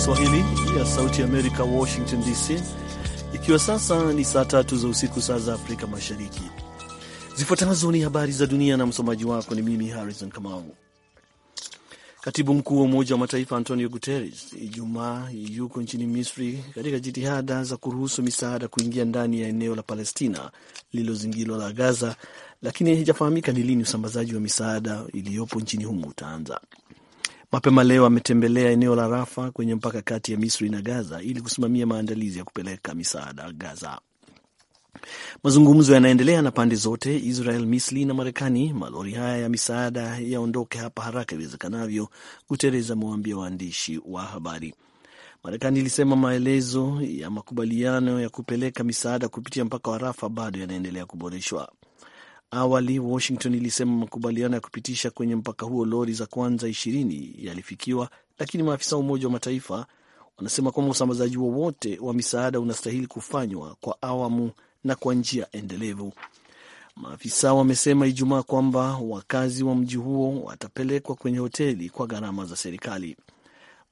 Kiswahili ya Sauti Amerika, Washington DC, ikiwa sasa ni saa tatu za usiku, saa za Afrika Mashariki. Zifuatazo ni habari za dunia na msomaji wako ni mimi Harrison Kamau. Katibu mkuu wa Umoja wa Mataifa Antonio Guterres Ijumaa yuko nchini Misri katika jitihada za kuruhusu misaada kuingia ndani ya eneo la Palestina lililozingirwa la Gaza, lakini haijafahamika ni lini usambazaji wa misaada iliyopo nchini humo utaanza mapema leo ametembelea eneo la Rafa kwenye mpaka kati ya Misri na Gaza ili kusimamia maandalizi ya kupeleka misaada Gaza. Mazungumzo yanaendelea na pande zote, Israel, Misri na Marekani. Malori haya ya misaada yaondoke hapa haraka iwezekanavyo, Guterres amewaambia waandishi wa habari. Marekani ilisema maelezo ya makubaliano ya kupeleka misaada kupitia mpaka wa Rafa bado yanaendelea kuboreshwa. Awali Washington ilisema makubaliano ya kupitisha kwenye mpaka huo lori za kwanza ishirini yalifikiwa, lakini maafisa wa Umoja wa Mataifa wanasema kwamba usambazaji wowote wa, wa misaada unastahili kufanywa kwa awamu na kwa njia endelevu. Maafisa wamesema Ijumaa kwamba wakazi wa mji huo watapelekwa kwenye hoteli kwa gharama za serikali.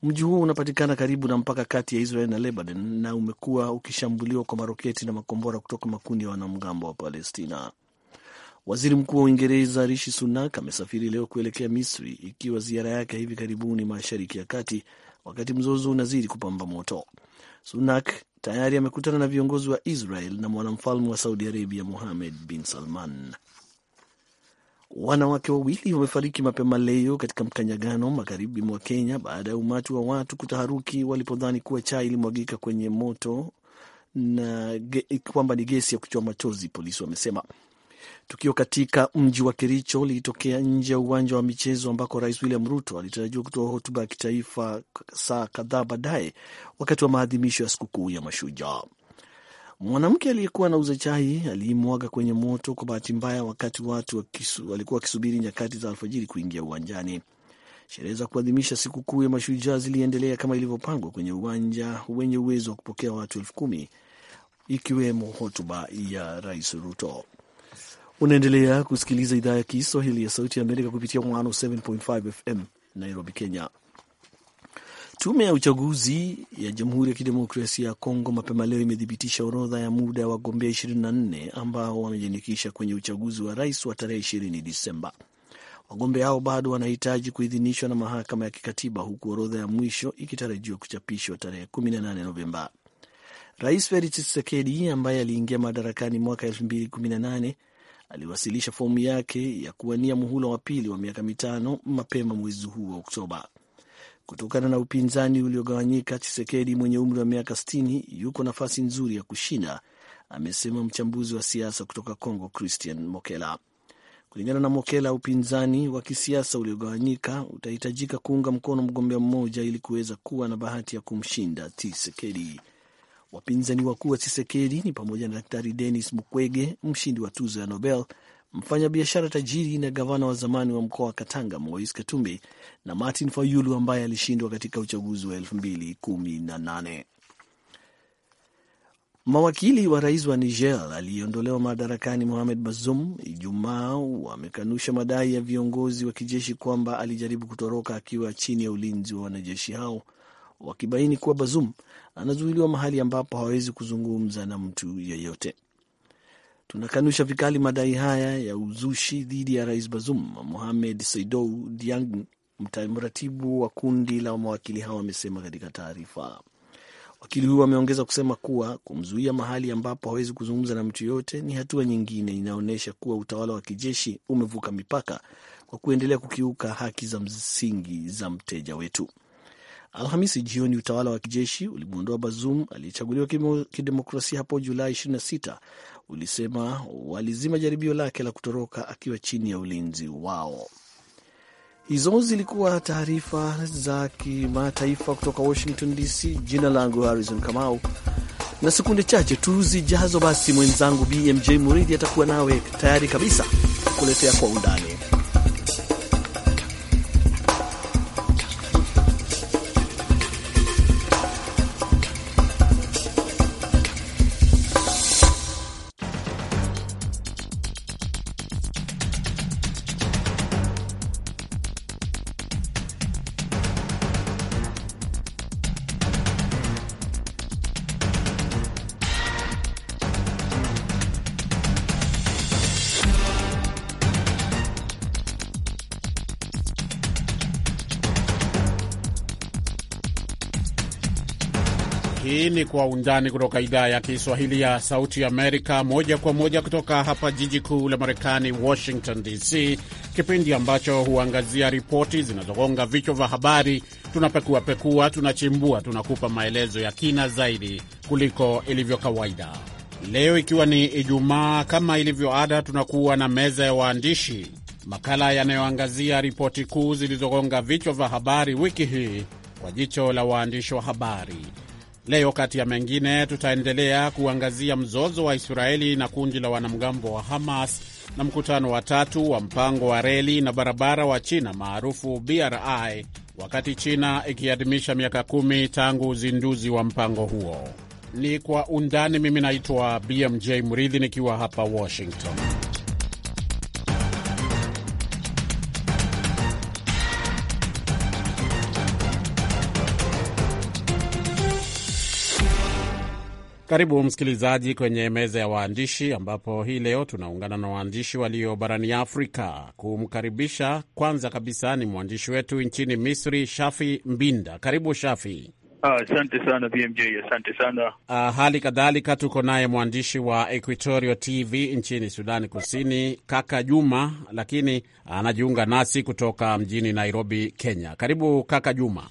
Mji huo unapatikana karibu na mpaka kati ya Israel na Lebanon na umekuwa ukishambuliwa kwa maroketi na makombora kutoka makundi ya wanamgambo wa Palestina. Waziri Mkuu wa Uingereza Rishi Sunak amesafiri leo kuelekea Misri, ikiwa ziara yake hivi karibuni Mashariki ya Kati, wakati mzozo unazidi kupamba moto. Sunak tayari amekutana na viongozi wa Israel na mwanamfalme wa Saudi Arabia Mohammed bin Salman. Wanawake wawili wamefariki mapema leo katika mkanyagano magharibi mwa Kenya baada ya umati wa watu kutaharuki walipodhani kuwa chai ilimwagika kwenye moto na kwamba ni gesi ya kuchoa machozi, polisi wamesema. Tukio katika mji wa Kericho lilitokea nje ya uwanja wa michezo ambako Rais William Ruto alitarajiwa kutoa hotuba ya kitaifa saa kadhaa baadaye, wakati wa maadhimisho ya sikukuu ya Mashujaa. Mwanamke aliyekuwa anauza chai aliimwaga kwenye moto kwa bahati mbaya, wakati watu walikuwa wakisubiri nyakati za alfajiri kuingia uwanjani. Sherehe za kuadhimisha sikukuu ya Mashujaa ziliendelea kama ilivyopangwa kwenye uwanja wenye uwezo wa kupokea watu elfu kumi ikiwemo hotuba ya Rais Ruto. Unaendelea kusikiliza idhaa ya Kiswahili ya Sauti ya Amerika kupitia 107.5 FM Nairobi, Kenya. Tume ya uchaguzi ya Jamhuri ya Kidemokrasia ya Kongo mapema leo imethibitisha orodha ya muda ya wagombea 24 ambao wamejiandikisha kwenye uchaguzi wa rais wa tarehe 20 Disemba. Wagombea hao bado wanahitaji kuidhinishwa na mahakama ya kikatiba, huku orodha ya mwisho ikitarajiwa kuchapishwa tarehe 18 Novemba. Rais Felix Tshisekedi ambaye aliingia madarakani mwaka aliwasilisha fomu yake ya kuwania muhula wa pili wa miaka mitano mapema mwezi huu wa Oktoba. Kutokana na upinzani uliogawanyika, Chisekedi mwenye umri wa miaka 60 yuko nafasi nzuri ya kushinda, amesema mchambuzi wa siasa kutoka Congo, Christian Mokela. Kulingana na Mokela, upinzani wa kisiasa uliogawanyika utahitajika kuunga mkono mgombea mmoja ili kuweza kuwa na bahati ya kumshinda Tshisekedi. Wapinzani wakuu wa chisekedi ni pamoja na Daktari Denis Mukwege, mshindi wa tuzo ya Nobel, mfanyabiashara tajiri na gavana wa zamani wa mkoa wa Katanga Mois Katumbi na Martin Fayulu ambaye alishindwa katika uchaguzi wa 2018. Mawakili wa rais wa Niger aliyeondolewa madarakani Mohamed Bazoum Ijumaa wamekanusha madai ya viongozi wa kijeshi kwamba alijaribu kutoroka akiwa chini ya ulinzi wa wanajeshi hao wakibaini kuwa Bazoum anazuiliwa mahali ambapo hawezi kuzungumza na mtu yeyote. Tunakanusha vikali madai haya ya uzushi dhidi ya Rais Bazoum, Mohamed Seydou Diang, mratibu wa kundi la mawakili hao, amesema katika taarifa. Wakili huyo ameongeza kusema kuwa kumzuia mahali ambapo hawezi kuzungumza na mtu yoyote ni hatua nyingine inaonyesha kuwa utawala wa kijeshi umevuka mipaka kwa kuendelea kukiuka haki za msingi za mteja wetu. Alhamisi jioni utawala wa kijeshi ulimwondoa Bazoum aliyechaguliwa kidemokrasia hapo Julai 26, ulisema walizima jaribio lake la kutoroka akiwa chini ya ulinzi wao. Hizo zilikuwa taarifa za kimataifa kutoka Washington DC. Jina langu Harrison Kamau, na sekunde chache tu zijazo, basi mwenzangu BMJ Muridhi atakuwa nawe tayari kabisa kuletea kwa undani. Kwa Undani kutoka idhaa ya Kiswahili ya Sauti Amerika, moja kwa moja kutoka hapa jiji kuu la Marekani, Washington DC, kipindi ambacho huangazia ripoti zinazogonga vichwa vya habari. Tunapekuapekua, tunachimbua, tunakupa maelezo ya kina zaidi kuliko ilivyo kawaida. Leo ikiwa ni Ijumaa, kama ilivyo ada, tunakuwa na meza ya waandishi, makala yanayoangazia ripoti kuu zilizogonga vichwa vya habari wiki hii kwa jicho la waandishi wa habari. Leo kati ya mengine, tutaendelea kuangazia mzozo wa Israeli na kundi la wanamgambo wa Hamas na mkutano wa tatu wa mpango wa reli na barabara wa China maarufu BRI, wakati China ikiadhimisha miaka kumi tangu uzinduzi wa mpango huo. Ni kwa undani. Mimi naitwa BMJ Mridhi nikiwa hapa Washington. Karibu msikilizaji kwenye meza ya waandishi, ambapo hii leo tunaungana na waandishi walio barani Afrika. Kumkaribisha kwanza kabisa ni mwandishi wetu nchini Misri, Shafi Mbinda. Karibu Shafi. Ah, asante ah, sana BMJ, asante sana ah, hali kadhalika tuko naye mwandishi wa Equatorio TV nchini Sudani Kusini, kaka Juma, lakini anajiunga ah, nasi kutoka mjini Nairobi, Kenya. Karibu kaka Juma.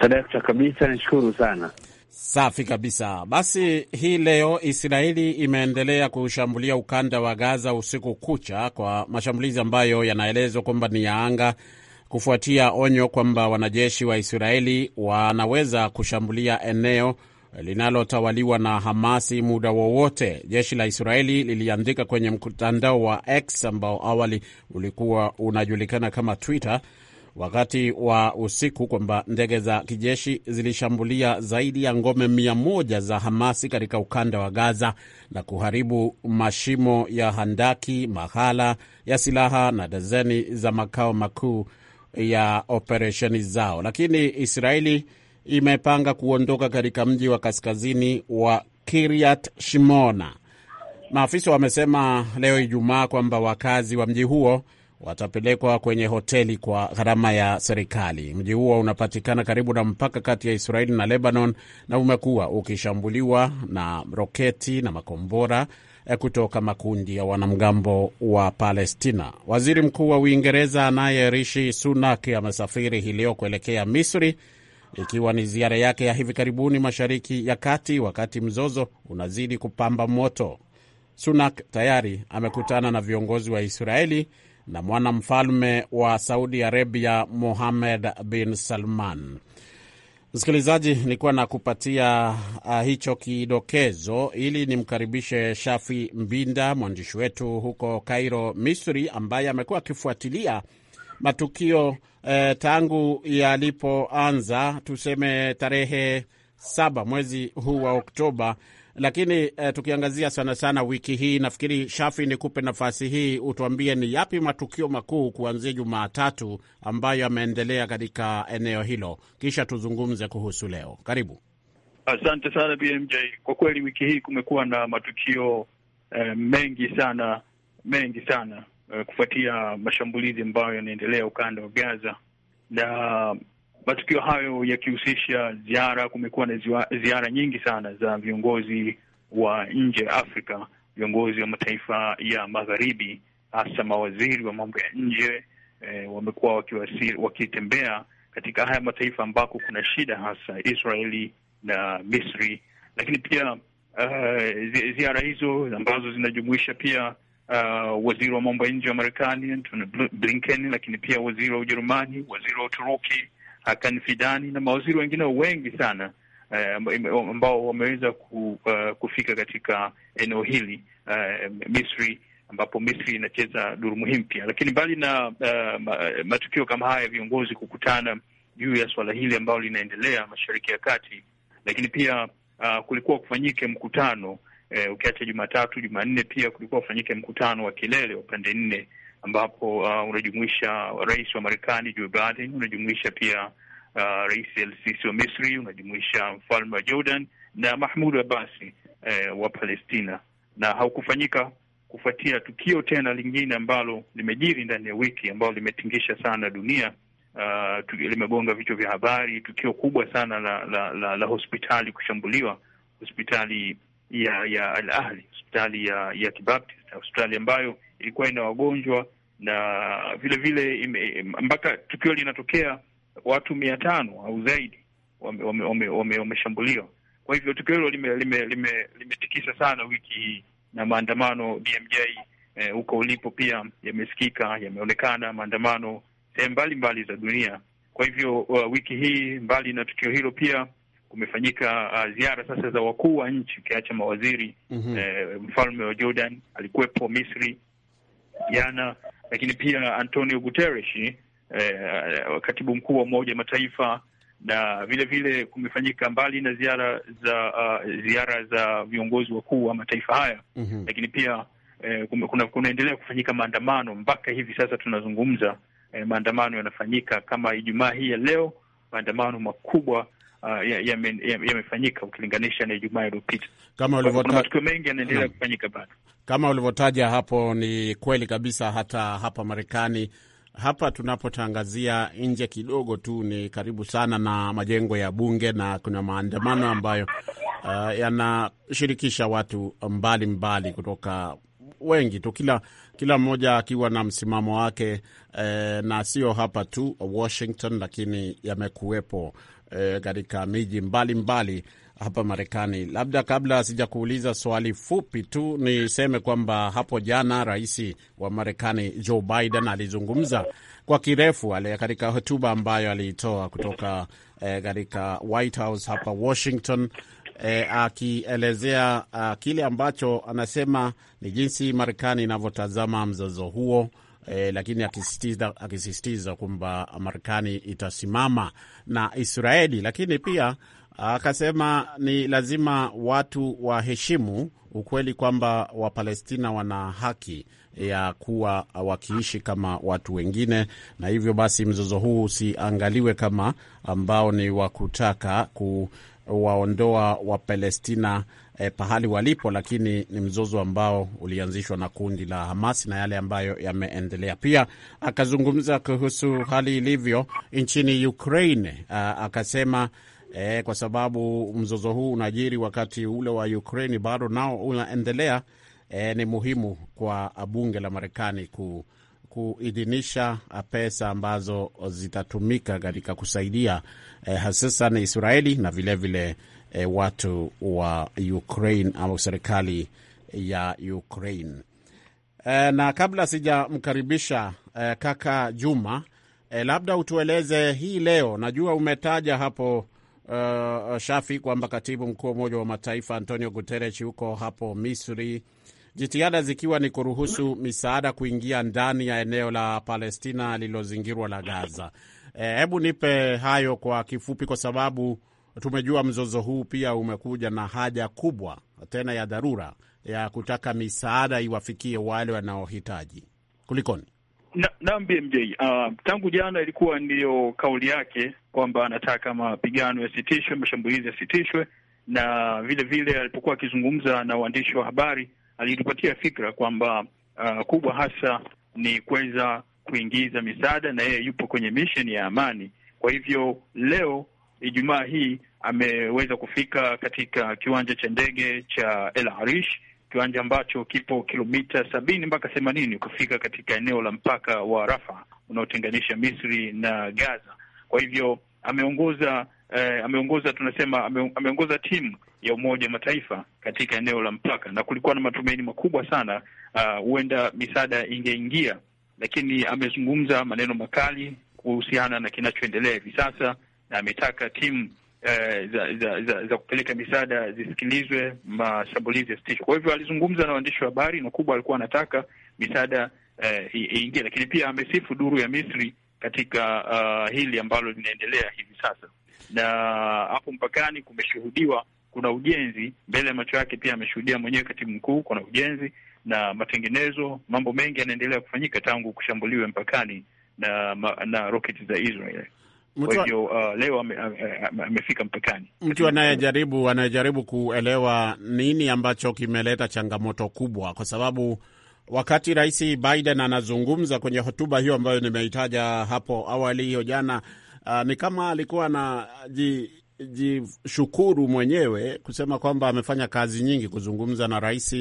Sadakta kabisa, nashukuru sana Safi kabisa. Basi hii leo Israeli imeendelea kushambulia ukanda wa Gaza usiku kucha kwa mashambulizi ambayo yanaelezwa kwamba ni ya anga, kufuatia onyo kwamba wanajeshi wa Israeli wanaweza kushambulia eneo linalotawaliwa na Hamasi muda wowote. Jeshi la Israeli liliandika kwenye mtandao wa X ambao awali ulikuwa unajulikana kama Twitter wakati wa usiku kwamba ndege za kijeshi zilishambulia zaidi ya ngome mia moja za Hamasi katika ukanda wa Gaza na kuharibu mashimo ya handaki, mahala ya silaha na dazeni za makao makuu ya operesheni zao. Lakini Israeli imepanga kuondoka katika mji wa kaskazini wa Kiryat Shimona. Maafisa wamesema leo Ijumaa kwamba wakazi wa mji huo watapelekwa kwenye hoteli kwa gharama ya serikali. Mji huo unapatikana karibu na mpaka kati ya Israeli na Lebanon na umekuwa ukishambuliwa na roketi na makombora eh, kutoka makundi ya wanamgambo wa Palestina. Waziri Mkuu wa Uingereza anaye Rishi Sunak amesafiri hii leo kuelekea Misri, ikiwa ni ziara yake ya hivi karibuni Mashariki ya Kati, wakati mzozo unazidi kupamba moto. Sunak tayari amekutana na viongozi wa Israeli na mwanamfalme wa Saudi Arabia Mohammed bin Salman. Msikilizaji, nilikuwa nakupatia uh, hicho kidokezo ili nimkaribishe Shafi Mbinda, mwandishi wetu huko Kairo, Misri, ambaye amekuwa akifuatilia matukio eh, tangu yalipoanza tuseme tarehe saba mwezi huu wa Oktoba lakini eh, tukiangazia sana sana wiki hii, nafikiri Shafi, nikupe nafasi hii utuambie ni yapi matukio makuu kuanzia Jumatatu ambayo yameendelea katika eneo hilo, kisha tuzungumze kuhusu leo. Karibu. Asante sana BMJ. Kwa kweli wiki hii kumekuwa na matukio eh, mengi sana mengi sana eh, kufuatia mashambulizi ambayo yanaendelea ukanda wa Gaza na matukio hayo yakihusisha ziara, kumekuwa na ziara nyingi sana za viongozi wa nje ya Afrika, viongozi wa mataifa ya magharibi, hasa mawaziri wa mambo ya nje eh, wamekuwa wakitembea katika haya mataifa ambako kuna shida, hasa Israeli na Misri, lakini pia uh, ziara hizo ambazo zinajumuisha pia uh, waziri wa mambo ya nje wa Marekani Antony Blinken, lakini pia waziri wa Ujerumani, waziri wa Uturuki Hakan Fidani na mawaziri wengine wengi sana eh, ambao wameweza ku, uh, kufika katika eneo hili uh, Misri ambapo Misri inacheza duru muhimu pia. Lakini mbali na uh, matukio kama haya, viongozi kukutana juu ya suala hili ambalo linaendelea Mashariki ya Kati, lakini pia uh, kulikuwa kufanyike mkutano uh, ukiacha Jumatatu, Jumanne pia kulikuwa kufanyike mkutano wa kilele wa pande nne ambapo uh, unajumuisha rais wa Marekani Joe Biden, unajumuisha pia uh, rais El-Sisi wa Misri, unajumuisha mfalme wa Jordan na Mahmud Abasi eh, wa Palestina, na haukufanyika kufuatia tukio tena lingine ambalo limejiri ndani ya wiki ambalo limetingisha sana dunia. Uh, limegonga vichwa vya habari, tukio kubwa sana la la, la, la hospitali kushambuliwa, hospitali ya ya Al Ahli, hospitali ya ya Kibaptist, hospitali ambayo ilikuwa ina wagonjwa na vile vile mpaka tukio linatokea watu mia tano au zaidi wameshambuliwa wame, wame, wame. Kwa hivyo tukio hilo limetikisa lime, lime, lime sana wiki hii na maandamano DMJ eh, huko eh, ulipo pia yamesikika, yameonekana maandamano sehemu mbalimbali za dunia. Kwa hivyo uh, wiki hii mbali na tukio hilo pia kumefanyika uh, ziara sasa za wakuu wa nchi ukiacha mawaziri mm -hmm. Eh, mfalme wa Jordan alikuwepo Misri jana lakini pia Antonio Guterres eh, eh, katibu mkuu wa Umoja wa Mataifa, na vile vile kumefanyika mbali na ziara za uh, ziara za viongozi wakuu wa mataifa haya mm -hmm. Lakini pia eh, kuna kunaendelea kufanyika maandamano mpaka hivi sasa tunazungumza, eh, maandamano yanafanyika kama Ijumaa hii ya leo, maandamano makubwa uh, yamefanyika ya, ya ukilinganisha na Ijumaa iliyopita. Kama matukio mengi yanaendelea kufanyika bado. Kama ulivyotaja hapo, ni kweli kabisa. Hata hapa Marekani hapa tunapotangazia nje kidogo tu ni karibu sana na majengo ya bunge na kuna maandamano ambayo uh, yanashirikisha watu mbalimbali mbali kutoka wengi tu, kila kila mmoja akiwa na msimamo wake eh, na sio hapa tu Washington, lakini yamekuwepo E, katika e, miji mbalimbali hapa Marekani. Labda kabla sijakuuliza swali fupi tu niseme kwamba hapo jana rais wa Marekani Joe Biden alizungumza kwa kirefu katika hotuba ambayo aliitoa kutoka e, katika e, White House hapa Washington e, akielezea kile ambacho anasema ni jinsi Marekani inavyotazama mzozo huo eh, lakini akisisitiza, akisisitiza kwamba Marekani itasimama na Israeli, lakini pia akasema ni lazima watu waheshimu ukweli kwamba Wapalestina wana haki ya kuwa wakiishi kama watu wengine, na hivyo basi mzozo huu usiangaliwe kama ambao ni wa kutaka kuwaondoa Wapalestina eh, pahali walipo, lakini ni mzozo ambao ulianzishwa na kundi la Hamas na yale ambayo yameendelea. Pia akazungumza kuhusu hali ilivyo nchini Ukraine. uh, akasema eh, kwa sababu mzozo huu unajiri wakati ule wa Ukraine bado nao unaendelea, eh, ni muhimu kwa bunge la Marekani ku kuidhinisha pesa ambazo zitatumika katika kusaidia eh, hususan Israeli na vilevile vile e, watu wa Ukraine au serikali ya Ukraine. E, na kabla sijamkaribisha e, kaka Juma e, labda utueleze hii leo, najua umetaja hapo Uh, Shafi kwamba katibu mkuu wa Umoja wa Mataifa Antonio Guterres huko hapo Misri, jitihada zikiwa ni kuruhusu misaada kuingia ndani ya eneo la Palestina lililozingirwa la Gaza. E, hebu eh, nipe hayo kwa kifupi, kwa sababu tumejua mzozo huu pia umekuja na haja kubwa tena ya dharura ya kutaka misaada iwafikie wale wanaohitaji. Kulikoni? Naam na BMJ, uh, ah, tangu jana ilikuwa ndiyo kauli yake kwamba anataka mapigano yasitishwe, mashambulizi yasitishwe, na vile vile alipokuwa akizungumza na waandishi wa habari alitupatia fikra kwamba uh, kubwa hasa ni kuweza kuingiza misaada, na yeye yupo kwenye misheni ya amani. Kwa hivyo leo Ijumaa hii ameweza kufika katika kiwanja cha ndege cha El Arish, kiwanja ambacho kipo kilomita sabini mpaka themanini kufika katika eneo la mpaka wa Rafa unaotenganisha Misri na Gaza. Kwa hivyo ameongoza eh, ameongoza tunasema ame, ameongoza timu ya Umoja wa Mataifa katika eneo la mpaka, na kulikuwa na matumaini makubwa sana ah, huenda uh, misaada ingeingia, lakini amezungumza maneno makali kuhusiana na kinachoendelea hivi sasa na ametaka timu eh, za, za, za, za kupeleka misaada zisikilizwe, mashambulizi yasitishwe. Kwa hivyo alizungumza na waandishi wa habari na kubwa alikuwa anataka misaada eh, iingie eh, lakini pia amesifu duru ya Misri katika uh, hili ambalo linaendelea hivi sasa, na hapo mpakani kumeshuhudiwa kuna ujenzi mbele ya macho yake. Pia ameshuhudia mwenyewe katibu mkuu, kuna ujenzi na matengenezo, mambo mengi yanaendelea kufanyika tangu kushambuliwe mpakani na, na roketi za Israel. Kwa hivyo uh, leo uh, uh, amefika mpakani. Mtu anayejaribu anayejaribu kuelewa nini ambacho kimeleta changamoto kubwa, kwa sababu wakati Rais Biden anazungumza kwenye hotuba hiyo ambayo nimeitaja hapo awali hiyo jana, uh, ni kama alikuwa anajishukuru mwenyewe kusema kwamba amefanya kazi nyingi kuzungumza na Rais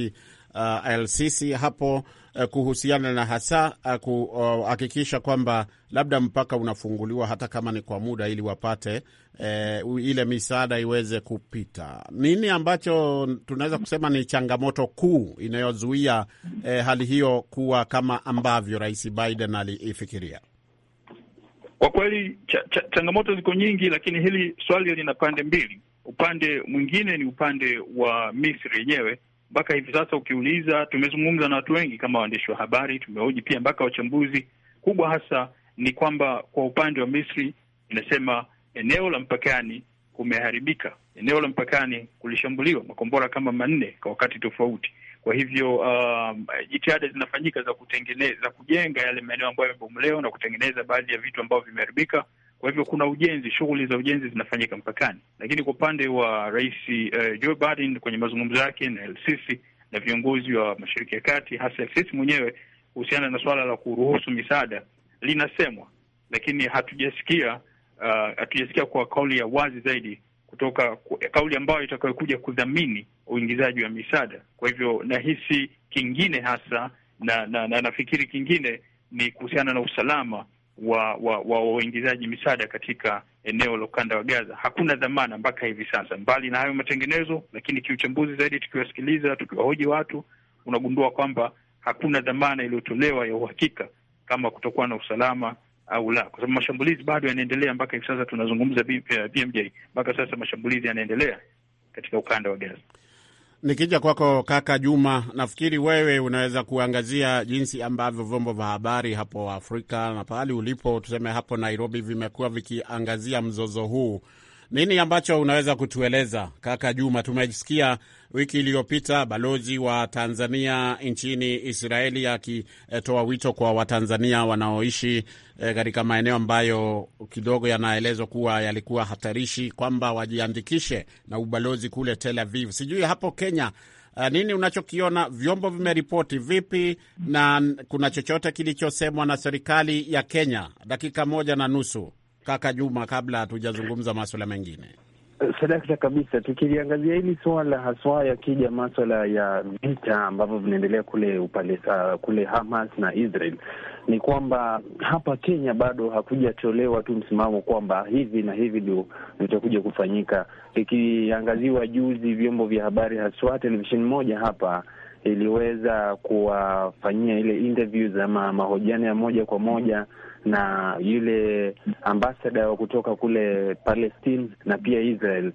uh, LCC hapo Eh, kuhusiana na hasa eh, kuhakikisha eh, kwamba labda mpaka unafunguliwa hata kama ni kwa muda, ili wapate e, ile misaada iweze kupita. Nini ambacho tunaweza kusema ni changamoto kuu inayozuia e, hali hiyo kuwa kama ambavyo Rais Biden aliifikiria? Kwa kweli cha, cha, changamoto ziko nyingi, lakini hili swali lina pande mbili. Upande mwingine ni upande wa Misri yenyewe mpaka hivi sasa ukiuliza, tumezungumza na watu wengi kama waandishi wa habari, tumehoji pia mpaka wachambuzi. Kubwa hasa ni kwamba kwa upande wa Misri inasema eneo la mpakani kumeharibika, eneo la mpakani kulishambuliwa makombora kama manne kwa wakati tofauti. Kwa hivyo um, jitihada zinafanyika za kutengeneza, za kujenga yale maeneo ambayo yamebomolewa na kutengeneza baadhi ya vitu ambavyo vimeharibika kwa hivyo kuna ujenzi, shughuli za ujenzi zinafanyika mpakani, lakini kwa upande wa rais uh, Joe Biden kwenye mazungumzo yake na Elsisi na viongozi wa Mashariki ya Kati, hasa Elsisi mwenyewe kuhusiana na suala la kuruhusu misaada linasemwa, lakini hatujasikia uh, hatujasikia kwa kauli ya wazi zaidi kutoka kauli ambayo itakayokuja kudhamini uingizaji wa misaada. Kwa hivyo nahisi kingine hasa na, na, na nafikiri kingine ni kuhusiana na usalama wa wa wa misaada katika eneo la ukanda wa Gaza hakuna dhamana mpaka hivi sasa, mbali na hayo matengenezo. Lakini kiuchambuzi zaidi, tukiwasikiliza, tukiwahoji watu, unagundua kwamba hakuna dhamana iliyotolewa ya uhakika kama kutokuwa na usalama au la, kwa sababu mashambulizi bado yanaendelea mpaka hivi sasa tunazungumza, BMJ, eh, mpaka sasa mashambulizi yanaendelea katika ukanda wa Gaza. Nikija kwako kaka Juma, nafikiri wewe unaweza kuangazia jinsi ambavyo vyombo vya habari hapo Afrika na pahali ulipo, tuseme hapo Nairobi, vimekuwa vikiangazia mzozo huu nini ambacho unaweza kutueleza kaka Juma? Tumesikia wiki iliyopita balozi wa Tanzania nchini Israeli akitoa wito kwa Watanzania wanaoishi eh, katika e, maeneo ambayo kidogo yanaelezwa kuwa yalikuwa hatarishi kwamba wajiandikishe na ubalozi kule Tel Aviv. Sijui hapo Kenya eh, nini unachokiona, vyombo vimeripoti vipi, na kuna chochote kilichosemwa na serikali ya Kenya? Dakika moja na nusu. Kaka Juma, kabla hatujazungumza maswala mengine Sadakta kabisa, tukiliangazia hili swala haswa yakija maswala ya vita ambavyo vinaendelea kule upande uh, kule Hamas na Israel, ni kwamba hapa Kenya bado hakujatolewa tu msimamo kwamba hivi na hivi ndio vitakuja kufanyika. Ikiangaziwa juzi, vyombo vya habari haswa televisheni moja hapa iliweza kuwafanyia ile interviews ama mahojiano ya moja kwa moja mm -hmm na yule ambasada wa kutoka kule Palestine na pia Israel.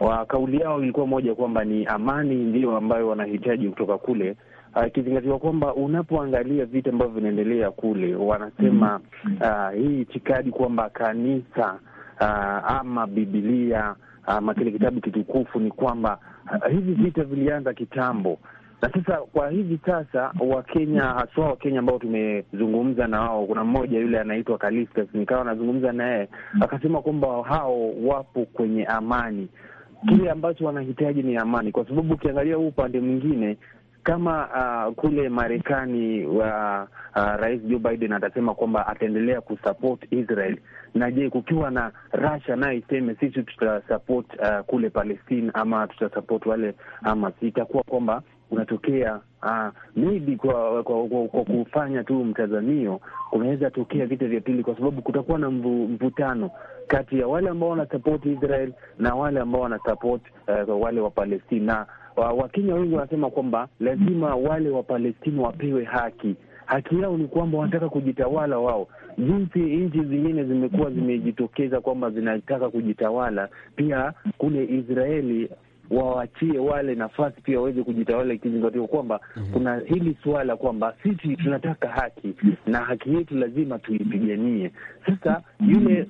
Wa kauli yao ilikuwa moja kwamba ni amani ndiyo ambayo wanahitaji kutoka kule, akizingatiwa uh, kwamba unapoangalia vita ambavyo vinaendelea kule wanasema uh, hii itikadi kwamba kanisa uh, ama Bibilia ama kile kitabu kitukufu ni kwamba uh, hivi vita vilianza kitambo na sasa kwa hivi sasa Wakenya haswa Wakenya ambao tumezungumza na wao, kuna mmoja yule anaitwa Kalistas, nikawa anazungumza yeye akasema kwamba hao wapo kwenye amani. Kile ambacho wanahitaji ni amani, kwa sababu ukiangalia huu upande mwingine kama uh, kule Marekani wa uh, uh, Rais Joe Biden atasema kwamba ataendelea kusupport Israel, na je, kukiwa na Russia naye iseme sisi tutasupport uh, ah, kule Palestine ama tutasupport wale Hamas, itakuwa kwamba unatokea uh, maybe kwa, kwa, kwa, kwa kufanya tu mtazamio kunaweza tokea vita vya pili, kwa sababu kutakuwa na mvu, mvutano kati ya wale ambao wanasapoti Israel na wale ambao wanasapoti uh, eh, wale wa Palestina. Wakenya wengi wanasema kwamba lazima wale wa Palestina wapewe haki haki yao ni kwamba wanataka kujitawala wao, jinsi nchi zingine zimekuwa zimejitokeza kwamba zinataka kujitawala. Pia kule Israeli wawachie wale nafasi pia waweze kujitawala, ikizingatiwa kwamba mm -hmm. kuna hili suala kwamba sisi tunataka haki na haki yetu lazima tuipiganie. Sasa yule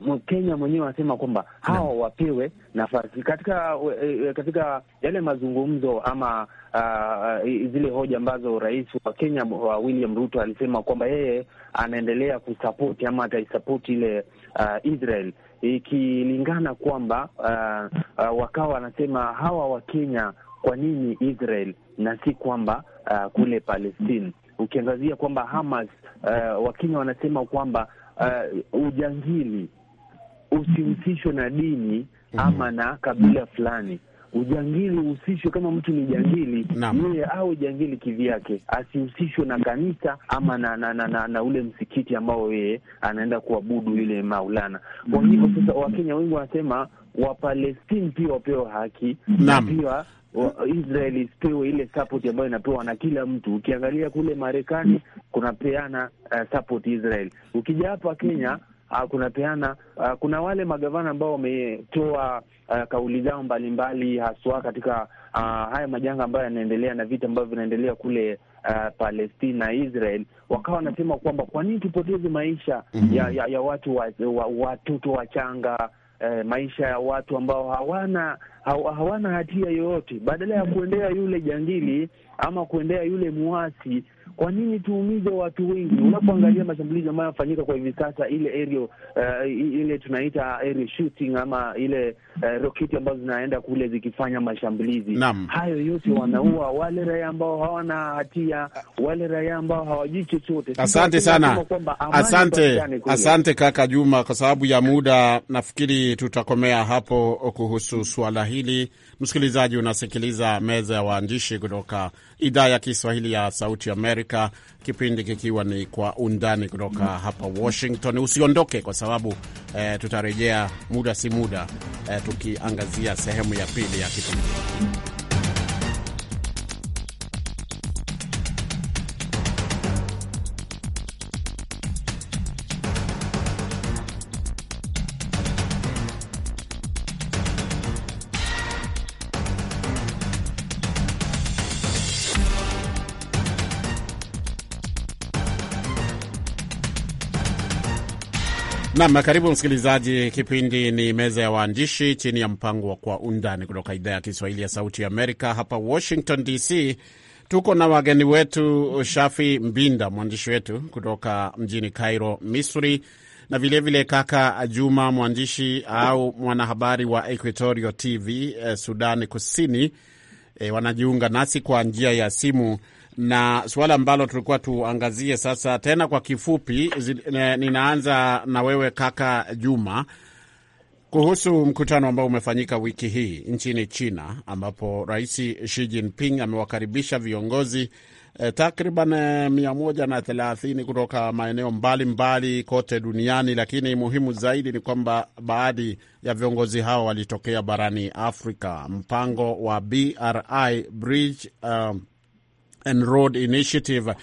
Mkenya mwenyewe anasema kwamba hawa wapewe nafasi katika eh, katika yale mazungumzo ama a, ah, ah, zile hoja ambazo rais wa Kenya wa William Ruto alisema kwamba yeye anaendelea kusapoti ama ataisapoti ile a, ah, Israel ikilingana kwamba uh, uh, wakawa wanasema hawa Wakenya kwa nini Israel na si kwamba uh, kule Palestine, ukiangazia kwamba Hamas uh, Wakenya wanasema kwamba uh, ujangili usihusishwe na dini ama na kabila fulani ujangili uhusishwe kama mtu ni jangili yeye awe jangili kivyake, asihusishwe na kanisa ama na na, na, na, na ule msikiti ambao yeye anaenda kuabudu yule Maulana. Kwa mm. hivyo sasa, Wakenya wengi wanasema Wapalestini pia wapewe haki na pia Israel isipewe ile support ambayo inapewa na kila mtu. Ukiangalia kule Marekani kunapeana uh, support Israel, ukija hapa Kenya mm -hmm uh, kunapeana uh, kuna wale magavana ambao wametoa uh, kauli zao mbalimbali haswa katika uh, haya majanga ambayo yanaendelea na vita ambavyo vinaendelea kule Uh, Palestina Israel wakawa wanasema kwamba kwa nini tupoteze maisha ya, mhm. ya, ya watu wa, wa, watoto wachanga eh, maisha ya watu ambao hawana hawana hatia yoyote, badala ya kuendea yule jangili ama kuendea yule muasi. Kwa nini tuumize watu wengi? Unapoangalia mashambulizi ambayo yanafanyika kwa hivi sasa, ile aerial, uh, ile tunaita aerial shooting ama ile uh, roketi ambazo zinaenda kule zikifanya mashambulizi hayo yote, wanaua wale raia ambao hawana hatia, wale raia ambao hawajui chochote. Asante sana, asante, asante kaka Juma. Kwa sababu ya muda, nafikiri tutakomea hapo kuhusu swala hii. Kiswahili. Msikilizaji, unasikiliza meza ya waandishi kutoka idhaa ya Kiswahili ya Sauti Amerika, kipindi kikiwa ni Kwa Undani kutoka hapa Washington. Usiondoke kwa sababu eh, tutarejea muda si muda eh, tukiangazia sehemu ya pili ya kipindi. Nam, karibu msikilizaji. Kipindi ni meza ya waandishi chini ya mpango wa Kwa Undani kutoka idhaa ya Kiswahili ya Sauti ya Amerika hapa Washington DC. Tuko na wageni wetu Shafi Mbinda, mwandishi wetu kutoka mjini Cairo, Misri, na vilevile vile kaka Juma, mwandishi au mwanahabari wa Equatorio TV eh, Sudani Kusini. Eh, wanajiunga nasi kwa njia ya simu na suala ambalo tulikuwa tuangazie sasa tena kwa kifupi, ninaanza na wewe kaka Juma kuhusu mkutano ambao umefanyika wiki hii nchini China ambapo Rais Xi Jinping amewakaribisha viongozi eh, takriban eh, mia moja na thelathini kutoka maeneo mbalimbali mbali kote duniani, lakini muhimu zaidi ni kwamba baadhi ya viongozi hao walitokea barani Afrika. Mpango wa BRI Bridge uh, and Road Initiative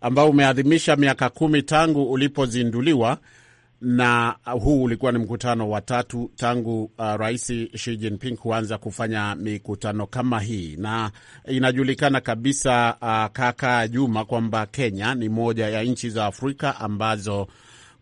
ambao umeadhimisha miaka kumi tangu ulipozinduliwa, na huu ulikuwa ni mkutano wa tatu tangu uh, Rais Xi Jinping kuanza kufanya mikutano kama hii, na inajulikana kabisa uh, kaka Juma, kwamba Kenya ni moja ya nchi za Afrika ambazo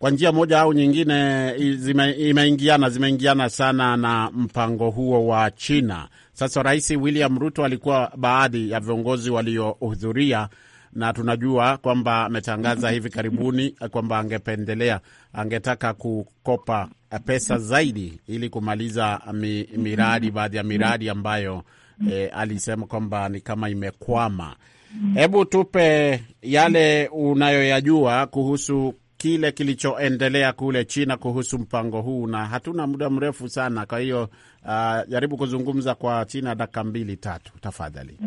kwa njia moja au nyingine zime, imeingiana zimeingiana sana na mpango huo wa China. Sasa Rais William Ruto alikuwa baadhi ya viongozi waliohudhuria na tunajua kwamba ametangaza hivi karibuni kwamba angependelea, angetaka kukopa pesa zaidi ili kumaliza mi, miradi baadhi ya miradi ambayo e, alisema kwamba ni kama imekwama. Hebu tupe yale unayoyajua kuhusu kile kilichoendelea kule China kuhusu mpango huu, na hatuna muda mrefu sana. Kwa hiyo uh, jaribu kuzungumza kwa China dakika mbili tatu tafadhali.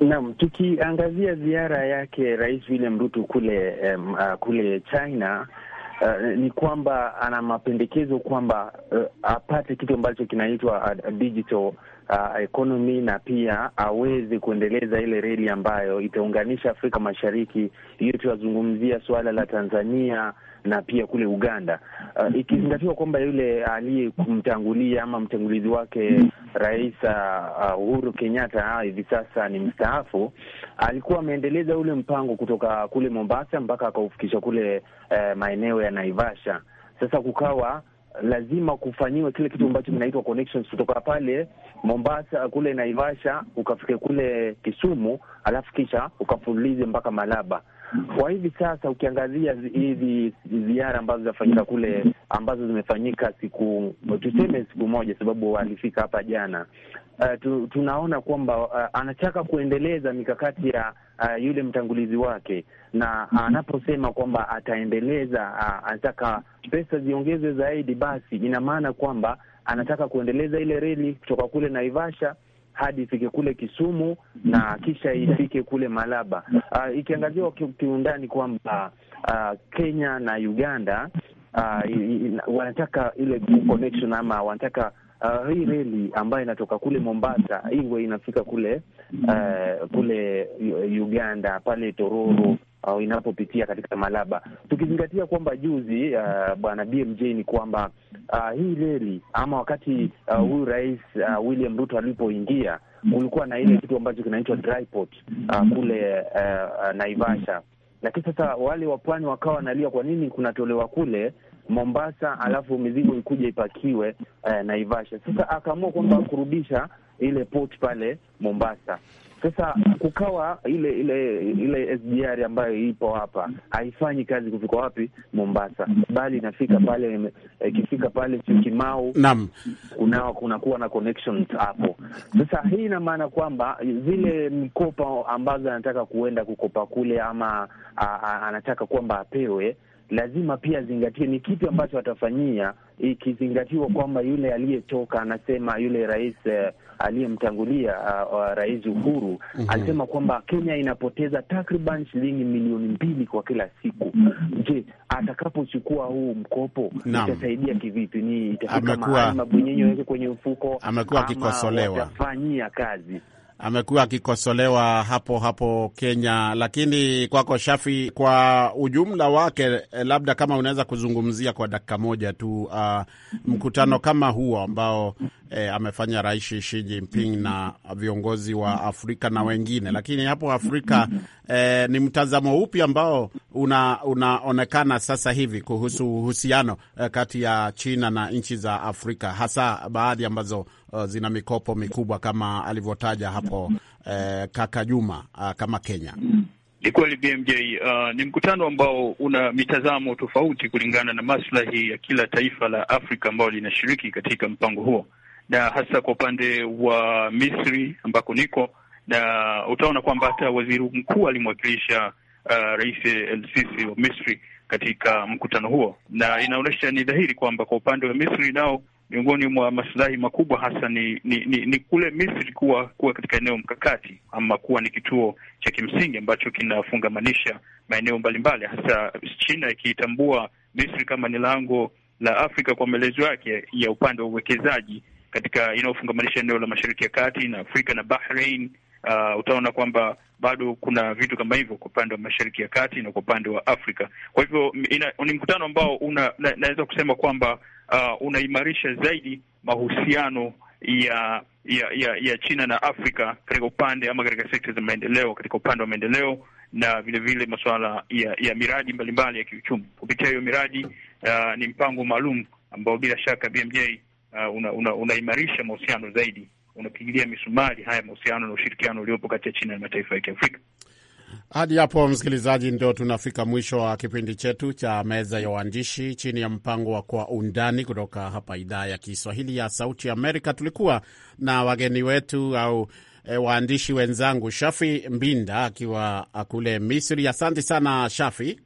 Naam, tukiangazia ziara yake Rais William Ruto kule um, uh, kule China uh, ni kwamba ana mapendekezo kwamba uh, apate kitu ambacho kinaitwa uh, digital uh, ekonomi na pia aweze kuendeleza ile reli ambayo itaunganisha Afrika Mashariki. Hiyo tuwazungumzia suala la Tanzania na pia kule Uganda, uh, ikizingatiwa kwamba yule aliyemtangulia ama mtangulizi wake Rais uh, uh, Uhuru Kenyatta uh, hivi sasa ni mstaafu, alikuwa ameendeleza ule mpango kutoka kule Mombasa mpaka akaufikisha kule uh, maeneo ya Naivasha. Sasa kukawa lazima kufanyiwe kile kitu ambacho kinaitwa connections kutoka pale Mombasa kule Naivasha, ukafike kule Kisumu, alafu kisha ukafululize mpaka Malaba. Kwa hivi sasa ukiangazia hizi ziara ambazo zinafanyika kule, ambazo zimefanyika siku tuseme siku moja, sababu alifika hapa jana. Uh, tu, tunaona kwamba uh, anataka kuendeleza mikakati ya uh, yule mtangulizi wake, na mhm. anaposema kwamba ataendeleza uh, anataka pesa ziongezwe zaidi, basi ina maana kwamba anataka kuendeleza ile reli kutoka kule Naivasha hadi ifike kule Kisumu na mhm. kisha ifike kule Malaba. Uh, ikiangaziwa kiundani kwamba uh, Kenya na Uganda uh, wanataka ile connection ama wanataka uh, hii reli ambayo inatoka kule Mombasa iwe inafika kule uh, kule Uganda pale Tororo au uh, inapopitia katika Malaba, tukizingatia kwamba juzi uh, bwana BMJ ni kwamba uh, hii reli ama wakati huyu uh, rais uh, William Ruto alipoingia kulikuwa na ile kitu ambacho kinaitwa dry port uh, kule uh, Naivasha, lakini sasa wale wa pwani wakawa wanalia kwa nini kunatolewa kule Mombasa alafu mizigo ikuja ipakiwe eh, Naivasha. Sasa akaamua kwamba kurudisha ile port pale Mombasa. Sasa kukawa ile ile ile SGR ambayo ipo hapa haifanyi kazi kufika wapi Mombasa, bali inafika pale, ikifika pale Syokimau, naam, kuna kunakuwa na connections hapo. Sasa hii ina maana kwamba zile mikopo ambazo anataka kuenda kukopa kule ama a, a, anataka kwamba apewe lazima pia azingatie ni kitu ambacho atafanyia, ikizingatiwa kwamba yule aliyetoka anasema yule rais eh, aliyemtangulia ah, Rais Uhuru mm -hmm. alisema kwamba Kenya inapoteza takriban shilingi milioni mbili kwa kila siku. Je, atakapochukua huu mkopo itasaidia kivipi? Ni itafika mahali kwenye mfuko, amekuwa akikosolewa, atafanyia kazi amekuwa akikosolewa hapo hapo Kenya. Lakini kwako Shafi, kwa ujumla wake, eh, labda kama unaweza kuzungumzia kwa dakika moja tu uh, mkutano kama huo ambao eh, amefanya Rais Xi Jinping na viongozi wa Afrika na wengine, lakini hapo Afrika eh, ni mtazamo upi ambao una, unaonekana sasa hivi kuhusu uhusiano eh, kati ya China na nchi za Afrika, hasa baadhi ambazo eh, zina mikopo mikubwa kama alivyotaja hapo eh, kaka Juma ah, kama Kenya? Ni kweli BMJ, uh, ah, ni mkutano ambao una mitazamo tofauti kulingana na maslahi ya kila taifa la Afrika ambalo linashiriki katika mpango huo, na hasa kwa upande wa Misri ambako niko, na utaona kwamba hata waziri mkuu alimwakilisha Uh, Rais El-Sisi wa Misri katika mkutano huo, na inaonyesha ni dhahiri kwamba kwa upande wa Misri nao miongoni mwa masilahi makubwa hasa ni ni, ni ni kule Misri kuwa kuwa katika eneo mkakati ama kuwa ni kituo cha kimsingi ambacho kinafungamanisha maeneo mbalimbali, hasa China ikiitambua Misri kama ni lango la Afrika kwa maelezo yake ya upande wa uwekezaji katika inayofungamanisha eneo la Mashariki ya Kati na Afrika na Bahrain uh, utaona kwamba bado kuna vitu kama hivyo kwa upande wa Mashariki ya Kati na kwa upande wa Afrika. Kwa hivyo ni mkutano ambao una, na, naweza kusema kwamba uh, unaimarisha zaidi mahusiano ya ya ya ya China na Afrika katika upande ama katika sekta za maendeleo, katika upande wa maendeleo na vile vile masuala ya, ya miradi mbalimbali mbali ya kiuchumi. Kupitia hiyo miradi uh, ni mpango maalum ambao bila shaka BMJ uh, unaimarisha una, una mahusiano zaidi unapigilia misumari haya mahusiano na ushirikiano uliopo kati ya China na mataifa ya Kiafrika. Hadi hapo msikilizaji, ndio tunafika mwisho wa kipindi chetu cha Meza ya Waandishi chini ya mpango wa Kwa Undani kutoka hapa Idhaa ya Kiswahili ya Sauti Amerika. Tulikuwa na wageni wetu au e, waandishi wenzangu Shafi Mbinda akiwa kule Misri. Asante sana Shafi.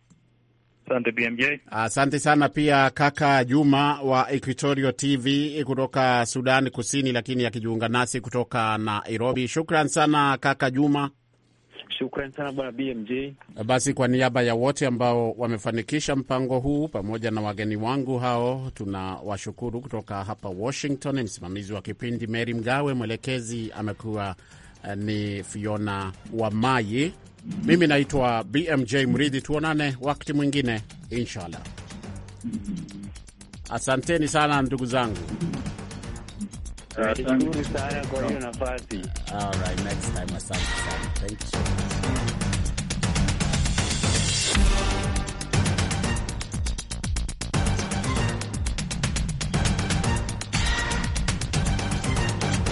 Asante BMJ. Asante sana pia kaka Juma wa Equatorio TV kutoka Sudani Kusini, lakini akijiunga nasi kutoka Nairobi. Shukran sana kaka Juma. Shukran sana bwana BMJ. Basi kwa niaba ya wote ambao wamefanikisha mpango huu pamoja na wageni wangu hao, tunawashukuru kutoka hapa Washington. Msimamizi wa kipindi Mary Mgawe, mwelekezi amekuwa eh, ni Fiona Wamayi. Mimi naitwa BMJ Mridhi, tuonane wakati mwingine inshallah. Asanteni sana ndugu zangu. Asante sana kwa hiyo nafasi. All right, next time. Asante sana. Thank you so much.